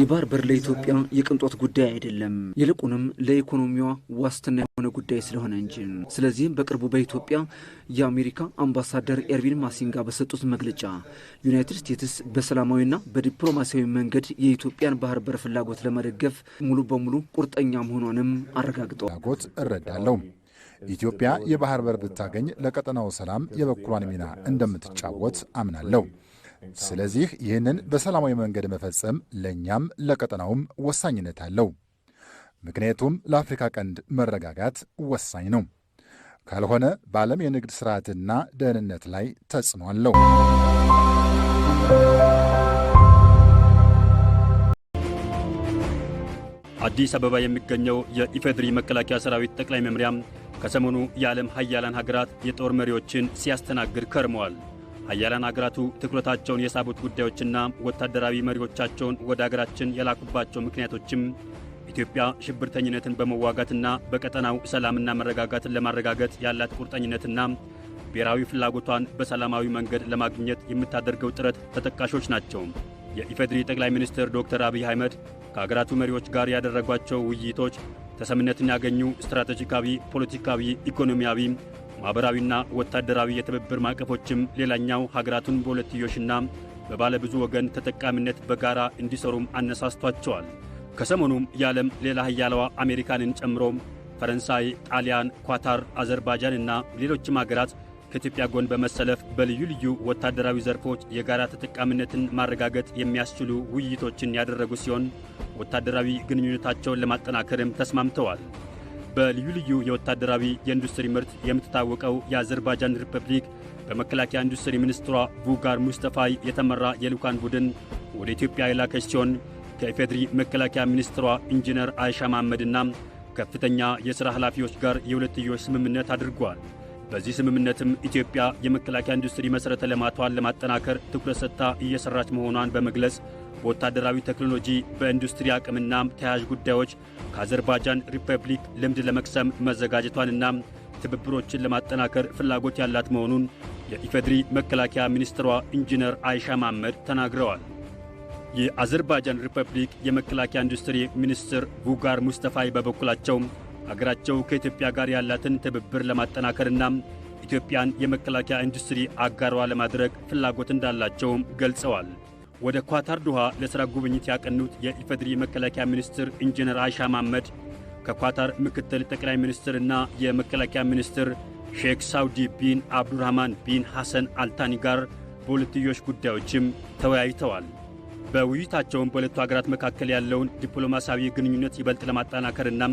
የባህር በር ለኢትዮጵያ የቅንጦት ጉዳይ አይደለም፣ ይልቁንም ለኢኮኖሚዋ ዋስትና የሆነ ጉዳይ ስለሆነ እንጂ። ስለዚህም በቅርቡ በኢትዮጵያ የአሜሪካ አምባሳደር ኤርቪን ማሲንጋ በሰጡት መግለጫ ዩናይትድ ስቴትስ በሰላማዊና በዲፕሎማሲያዊ መንገድ የኢትዮጵያን ባህር በር ፍላጎት ለመደገፍ ሙሉ በሙሉ ቁርጠኛ መሆኗንም አረጋግጠዋል። ፍላጎት እረዳለሁ። ኢትዮጵያ የባህር በር ብታገኝ ለቀጠናው ሰላም የበኩሏን ሚና እንደምትጫወት አምናለሁ። ስለዚህ ይህንን በሰላማዊ መንገድ መፈጸም ለእኛም ለቀጠናውም ወሳኝነት አለው። ምክንያቱም ለአፍሪካ ቀንድ መረጋጋት ወሳኝ ነው። ካልሆነ በዓለም የንግድ ስርዓትና ደህንነት ላይ ተጽዕኖ አለው። አዲስ አበባ የሚገኘው የኢፌድሪ መከላከያ ሰራዊት ጠቅላይ መምሪያም ከሰሞኑ የዓለም ሀያላን ሀገራት የጦር መሪዎችን ሲያስተናግድ ከርመዋል። አያላን አገራቱ ትኩረታቸውን የሳቡት ጉዳዮችና ወታደራዊ መሪዎቻቸውን ወደ አገራችን የላኩባቸው ምክንያቶችም ኢትዮጵያ ሽብርተኝነትን በመዋጋትና በቀጠናው ሰላምና መረጋጋትን ለማረጋገጥ ያላት ቁርጠኝነትና ብሔራዊ ፍላጎቷን በሰላማዊ መንገድ ለማግኘት የምታደርገው ጥረት ተጠቃሾች ናቸው። የኢፌድሪ ጠቅላይ ሚኒስትር ዶክተር አብይ አህመድ ከአገራቱ መሪዎች ጋር ያደረጓቸው ውይይቶች ተሰምነትን ያገኙ ስትራቴጂካዊ፣ ፖለቲካዊ፣ ኢኮኖሚያዊ ማኅበራዊና ወታደራዊ የትብብር ማዕቀፎችም ሌላኛው ሀገራቱን በሁለትዮሽና በባለብዙ ወገን ተጠቃሚነት በጋራ እንዲሰሩም አነሳስቷቸዋል። ከሰሞኑም የዓለም ሌላ ሀያለዋ አሜሪካንን ጨምሮ ፈረንሳይ፣ ጣሊያን፣ ኳታር፣ አዘርባይጃን እና ሌሎችም ሀገራት ከኢትዮጵያ ጎን በመሰለፍ በልዩ ልዩ ወታደራዊ ዘርፎች የጋራ ተጠቃሚነትን ማረጋገጥ የሚያስችሉ ውይይቶችን ያደረጉ ሲሆን ወታደራዊ ግንኙነታቸውን ለማጠናከርም ተስማምተዋል። በልዩ ልዩ የወታደራዊ የኢንዱስትሪ ምርት የምትታወቀው የአዘርባጃን ሪፐብሊክ በመከላከያ ኢንዱስትሪ ሚኒስትሯ ቡጋር ሙስተፋይ የተመራ የልዑካን ቡድን ወደ ኢትዮጵያ የላከች ሲሆን ከኢፌድሪ መከላከያ ሚኒስትሯ ኢንጂነር አይሻ መሐመድና ከፍተኛ የሥራ ኃላፊዎች ጋር የሁለትዮሽ ስምምነት አድርጓል። በዚህ ስምምነትም ኢትዮጵያ የመከላከያ ኢንዱስትሪ መሠረተ ልማቷን ለማጠናከር ትኩረት ሰጥታ እየሠራች መሆኗን በመግለጽ በወታደራዊ ቴክኖሎጂ፣ በኢንዱስትሪ አቅምና ተያያዥ ጉዳዮች ከአዘርባይጃን ሪፐብሊክ ልምድ ለመቅሰም መዘጋጀቷንና ትብብሮችን ለማጠናከር ፍላጎት ያላት መሆኑን የኢፌዴሪ መከላከያ ሚኒስትሯ ኢንጂነር አይሻ መሐመድ ተናግረዋል። የአዘርባጃን ሪፐብሊክ የመከላከያ ኢንዱስትሪ ሚኒስትር ቡጋር ሙስተፋይ በበኩላቸው አገራቸው ከኢትዮጵያ ጋር ያላትን ትብብር ለማጠናከርና ኢትዮጵያን የመከላከያ ኢንዱስትሪ አጋሯ ለማድረግ ፍላጎት እንዳላቸውም ገልጸዋል። ወደ ኳታር ዶሃ ለሥራ ጉብኝት ያቀኑት የኢፌዴሪ መከላከያ ሚኒስትር ኢንጂነር አይሻ መሐመድ ከኳታር ምክትል ጠቅላይ ሚኒስትርና የመከላከያ ሚኒስትር ሼክ ሳውዲ ቢን አብዱራህማን ቢን ሐሰን አልታኒ ጋር በሁለትዮሽ ጉዳዮችም ተወያይተዋል። በውይይታቸውም በሁለቱ ሀገራት መካከል ያለውን ዲፕሎማሲያዊ ግንኙነት ይበልጥ ለማጠናከርና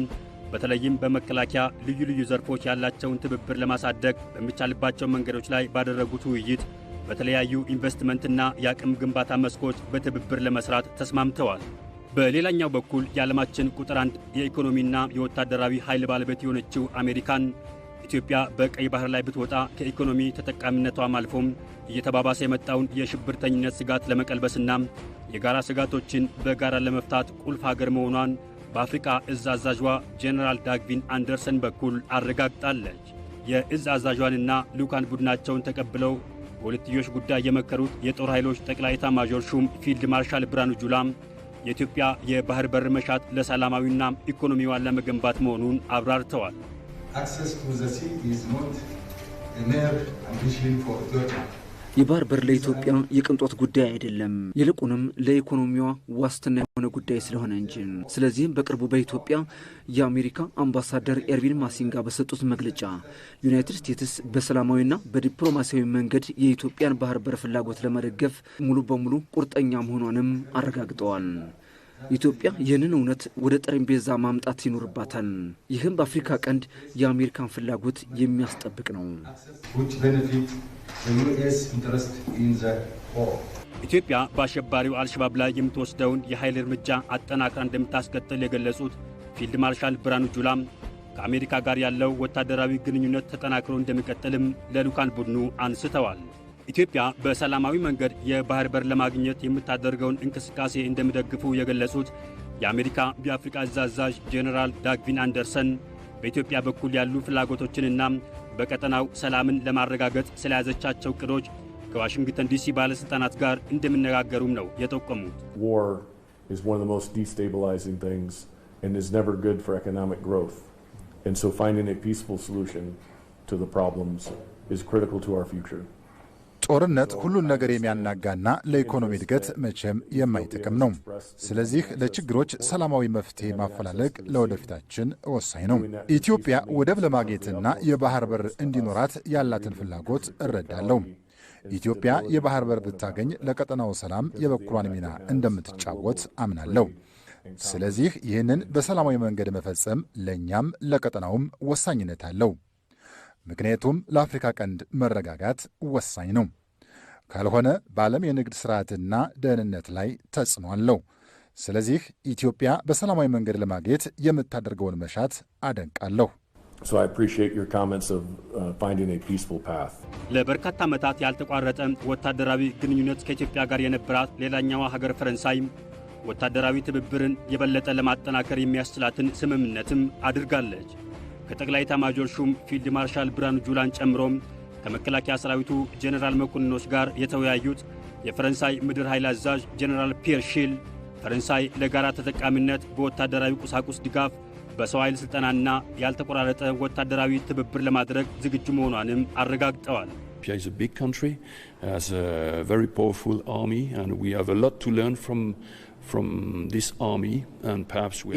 በተለይም በመከላከያ ልዩ ልዩ ዘርፎች ያላቸውን ትብብር ለማሳደግ በሚቻልባቸው መንገዶች ላይ ባደረጉት ውይይት በተለያዩ ኢንቨስትመንትና የአቅም ግንባታ መስኮች በትብብር ለመስራት ተስማምተዋል። በሌላኛው በኩል የዓለማችን ቁጥር አንድ የኢኮኖሚና የወታደራዊ ኃይል ባለቤት የሆነችው አሜሪካን ኢትዮጵያ በቀይ ባህር ላይ ብትወጣ ከኢኮኖሚ ተጠቃሚነቷም አልፎም እየተባባሰ የመጣውን የሽብርተኝነት ስጋት ለመቀልበስና የጋራ ስጋቶችን በጋራ ለመፍታት ቁልፍ ሀገር መሆኗን በአፍሪካ እዝ አዛዧ ጄኔራል ዳግቪን አንደርሰን በኩል አረጋግጣለች። የእዝ አዛዧንና ልዑካን ቡድናቸውን ተቀብለው በሁለትዮሽ ጉዳይ የመከሩት የጦር ኃይሎች ጠቅላይ ኤታማዦር ሹም ፊልድ ማርሻል ብርሃኑ ጁላ የኢትዮጵያ የባህር በር መሻት ለሰላማዊና ኢኮኖሚዋን ለመገንባት መሆኑን አብራርተዋል። የባህር በር ለኢትዮጵያ የቅንጦት ጉዳይ አይደለም፣ ይልቁንም ለኢኮኖሚዋ ዋስትና የሆነ ጉዳይ ስለሆነ እንጂ። ስለዚህም በቅርቡ በኢትዮጵያ የአሜሪካ አምባሳደር ኤርቪን ማሲንጋ በሰጡት መግለጫ ዩናይትድ ስቴትስ በሰላማዊና በዲፕሎማሲያዊ መንገድ የኢትዮጵያን ባህር በር ፍላጎት ለመደገፍ ሙሉ በሙሉ ቁርጠኛ መሆኗንም አረጋግጠዋል። ኢትዮጵያ ይህንን እውነት ወደ ጠረጴዛ ማምጣት ይኖርባታል። ይህም በአፍሪካ ቀንድ የአሜሪካን ፍላጎት የሚያስጠብቅ ነው። ኢትዮጵያ በአሸባሪው አልሸባብ ላይ የምትወስደውን የኃይል እርምጃ አጠናክራ እንደምታስቀጥል የገለጹት ፊልድ ማርሻል ብርሃኑ ጁላም ከአሜሪካ ጋር ያለው ወታደራዊ ግንኙነት ተጠናክሮ እንደሚቀጥልም ለልዑካን ቡድኑ አንስተዋል። ኢትዮጵያ በሰላማዊ መንገድ የባህር በር ለማግኘት የምታደርገውን እንቅስቃሴ እንደሚደግፉ የገለጹት የአሜሪካ የአፍሪቃ አዛዥ ጄኔራል ዳግቪን አንደርሰን በኢትዮጵያ በኩል ያሉ ፍላጎቶችንና በቀጠናው ሰላምን ለማረጋገጥ ስለያዘቻቸው ቅዶች ከዋሽንግተን ዲሲ ባለሥልጣናት ጋር እንደሚነጋገሩም ነው የጠቆሙት። ዋር ጦርነት ሁሉን ነገር የሚያናጋና ለኢኮኖሚ እድገት መቼም የማይጠቅም ነው። ስለዚህ ለችግሮች ሰላማዊ መፍትሄ ማፈላለግ ለወደፊታችን ወሳኝ ነው። ኢትዮጵያ ወደብ ለማግኘትና የባህር በር እንዲኖራት ያላትን ፍላጎት እረዳለሁ። ኢትዮጵያ የባህር በር ብታገኝ ለቀጠናው ሰላም የበኩሏን ሚና እንደምትጫወት አምናለሁ። ስለዚህ ይህንን በሰላማዊ መንገድ መፈጸም ለእኛም ለቀጠናውም ወሳኝነት አለው። ምክንያቱም ለአፍሪካ ቀንድ መረጋጋት ወሳኝ ነው። ካልሆነ በዓለም የንግድ ስርዓትና ደህንነት ላይ ተጽዕኖ አለው። ስለዚህ ኢትዮጵያ በሰላማዊ መንገድ ለማግኘት የምታደርገውን መሻት አደንቃለሁ። uh, ለበርካታ ዓመታት ያልተቋረጠ ወታደራዊ ግንኙነት ከኢትዮጵያ ጋር የነበራት ሌላኛዋ ሀገር ፈረንሳይም ወታደራዊ ትብብርን የበለጠ ለማጠናከር የሚያስችላትን ስምምነትም አድርጋለች። ከጠቅላይ ኤታማዦር ሹም ፊልድ ማርሻል ብርሃኑ ጁላን ጨምሮም ከመከላከያ ሰራዊቱ ጄኔራል መኮንኖች ጋር የተወያዩት የፈረንሳይ ምድር ኃይል አዛዥ ጄኔራል ፒየር ሺል ፈረንሳይ ለጋራ ተጠቃሚነት በወታደራዊ ቁሳቁስ ድጋፍ በሰው ኃይል ሥልጠናና ያልተቆራረጠ ወታደራዊ ትብብር ለማድረግ ዝግጁ መሆኗንም አረጋግጠዋል። uh,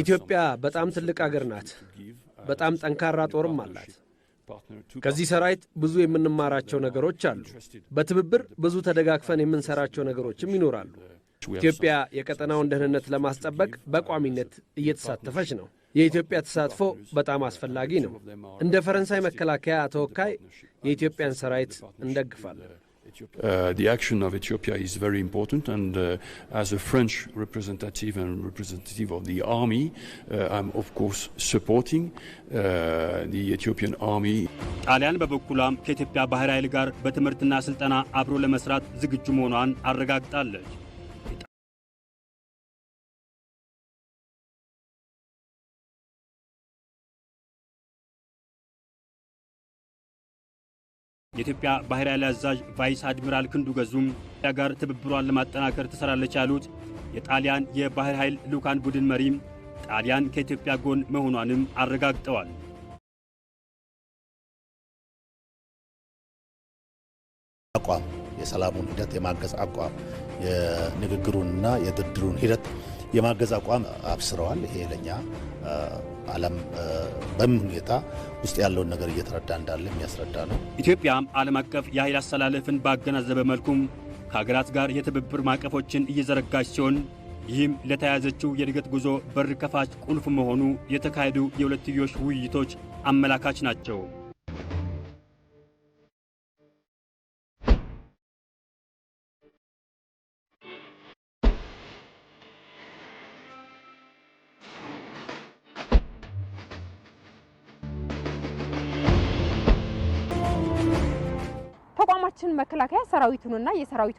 ኢትዮጵያ በጣም ትልቅ አገር ናት። በጣም ጠንካራ ጦርም አላት። ከዚህ ሰራዊት ብዙ የምንማራቸው ነገሮች አሉ። በትብብር ብዙ ተደጋግፈን የምንሰራቸው ነገሮችም ይኖራሉ። ኢትዮጵያ የቀጠናውን ደህንነት ለማስጠበቅ በቋሚነት እየተሳተፈች ነው። የኢትዮጵያ ተሳትፎ በጣም አስፈላጊ ነው። እንደ ፈረንሳይ መከላከያ ተወካይ የኢትዮጵያን ሰራዊት እንደግፋለን። Uh, the action of Ethiopia is very important, and uh, as a French representative and representative of the army, uh, I'm of course supporting uh, the Ethiopian army. ጣሊያን በበኩሏም ከኢትዮጵያ ባህር ኃይል ጋር በትምህርትና ስልጠና አብሮ ለመስራት ዝግጁ መሆኗን አረጋግጣለች። የኢትዮጵያ ባህር ኃይል አዛዥ ቫይስ አድሚራል ክንዱ ገዙም ጋር ትብብሯን ለማጠናከር ትሰራለች ያሉት የጣሊያን የባህር ኃይል ልዑካን ቡድን መሪ ጣሊያን ከኢትዮጵያ ጎን መሆኗንም አረጋግጠዋል። አቋም የሰላሙን ሂደት የማገዝ አቋም የንግግሩንና የድርድሩን ሂደት የማገዝ አቋም አብስረዋል። ይሄ ለኛ ዓለም በምን ሁኔታ ውስጥ ያለውን ነገር እየተረዳ እንዳለ የሚያስረዳ ነው። ኢትዮጵያም ዓለም አቀፍ የኃይል አስተላለፍን ባገናዘበ መልኩም ከሀገራት ጋር የትብብር ማዕቀፎችን እየዘረጋች ሲሆን ይህም ለተያያዘችው የእድገት ጉዞ በር ከፋች ቁልፍ መሆኑ የተካሄዱ የሁለትዮሽ ውይይቶች አመላካች ናቸው። የሰላማችን መከላከያ ሰራዊቱንና የሰራዊቱ